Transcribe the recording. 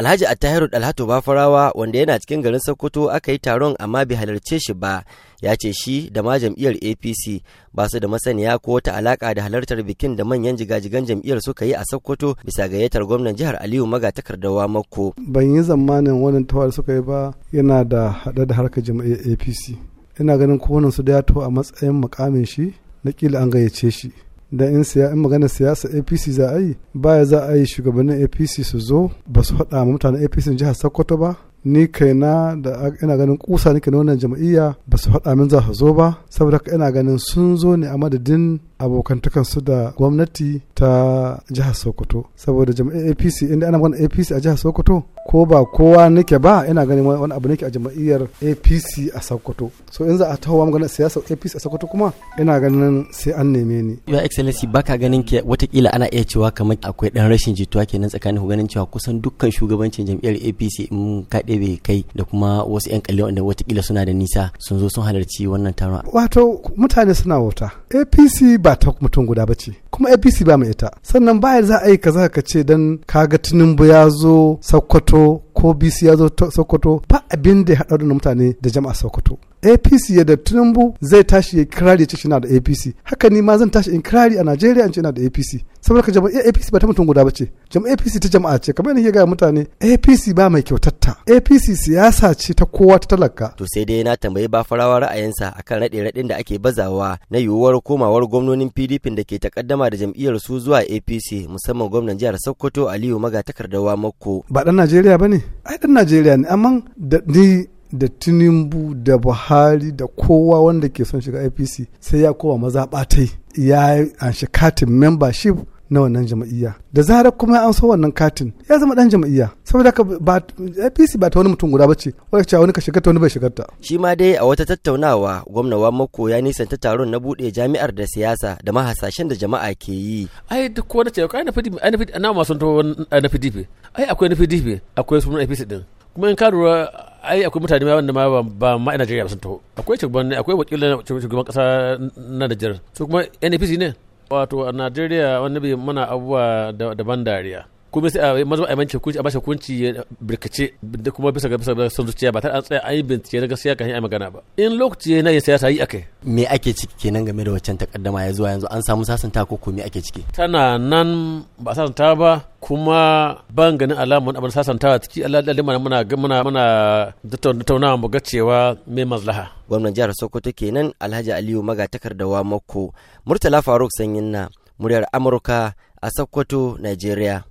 Alhaji Attahiru Dalhatu Bafarawa wanda yana cikin garin Sokoto aka yi taron amma bai halarce shi ba ya ce shi da ma jam'iyyar APC ba su da masaniya ko wata alaka da halartar bikin da manyan jigajigan jam'iyyar suka yi a Sokoto bisa gayyatar gwamnan jihar Aliyu Maga takardawa Makko. Ban yi zamanin wannan tawar suka yi ba yana da hada da harkar jam'iyyar APC. Ina ganin kowanne su da ya a matsayin mukamin shi na kila an gayyace shi. da in siya in magana siyasa apc za a yi baya za a yi shugabannin apc su zo ba su faɗa mutanen apc jihar sokoto ba ni kaina da ina ganin kusa nake na wannan jam'iyya ba su faɗa min za su zo ba saboda ina ganin sun zo ne a madadin abokantakansu da gwamnati ta jihar sokoto saboda jam'iyyar apc inda ana magana apc a jihar sokoto ko ba kowa nake ba ina ganin wani abu nake a jam'iyyar apc a sokoto so in za a taho magana siyasar apc a sokoto kuma ina ganin sai an neme ni your excellency baka ganin ke watakila ana iya cewa kamar akwai dan rashin jituwa kenan tsakanin ku ganin cewa kusan dukkan shugabancin jam'iyyar apc in ka ɗebe kai da kuma wasu yan kalli wanda watakila suna da nisa sun zo sun halarci wannan taron wato mutane suna wauta apc ba ta mutum guda bace kuma apc ba mai ita sannan baya za a yi kaza ka ce dan kaga tinubu ya zo sokoto ko bisi ya zo sokoto ba abin da ya haɗa da mutane da jama'a sokoto apc ya da tinubu zai tashi ya kirari ya ce na da apc haka ni ma zan tashi in kirari a najeriya in ce na da apc saboda ka jama'a apc ba ta mutum guda ba ce apc ta jama'a ce kamar yadda ga mutane apc ba mai kyautatta apc siyasa ce ta kowa ta talaka to sai dai na tambayi ba farawa ra'ayinsa akan raɗe raɗin da ake bazawa na yiwuwar komawar gwamnonin pdp da ke takaddama da jam'iyyar su zuwa apc musamman gwamnan jihar sokoto aliyu magatakardawa mako ba dan najeriya ba ne ai dan najeriya ne amma da da tinubu da buhari da kowa wanda ke son shiga apc sai ya kowa mazaɓatai ya anshi katin membership na wannan jama'iyya da zarar kuma an so wannan katin ya zama dan jama'iyya saboda ka ba APC ba ta wani mutum guda bace wanda cewa wani ka shiga ta wani bai shigar ta shi ma dai a wata tattaunawa gwamnawa mako ya nisanta taron na bude jami'ar da siyasa da mahasashen da jama'a ke yi ai duk ko da ce ai na fidi ai na fidi ana masu to ai na fidi ai akwai na fidi akwai sunan APC din kuma in ka lura ai akwai mutane ma wanda ma ba ma ina Najeriya sun taho akwai shugaban akwai wakilin shugaban kasa na Najeriya su kuma NPC ne wato a Najeriya wani bi muna abubuwa daban dariya kuma sai a mazama a yi kunci a bashi kunci birkace da kuma bisa ga bisa ga son zuciya ba ta an tsaya an yi bincike na gaskiya kan yi magana ba in lokaci na yin siyasa yi akai me ake ciki kenan game da waccan takaddama ya zuwa yanzu an samu sasanta ko me ake ciki tana nan ba sasanta ba kuma ban ganin alamun abin sasantawa ciki Allah da limana muna muna muna tattaunawa mu ga cewa me maslaha gwamnan jihar Sokoto kenan Alhaji Aliyu magatakardawa Mako Murtala Faruk Sanyin na muryar Amurka a Sokoto Nigeria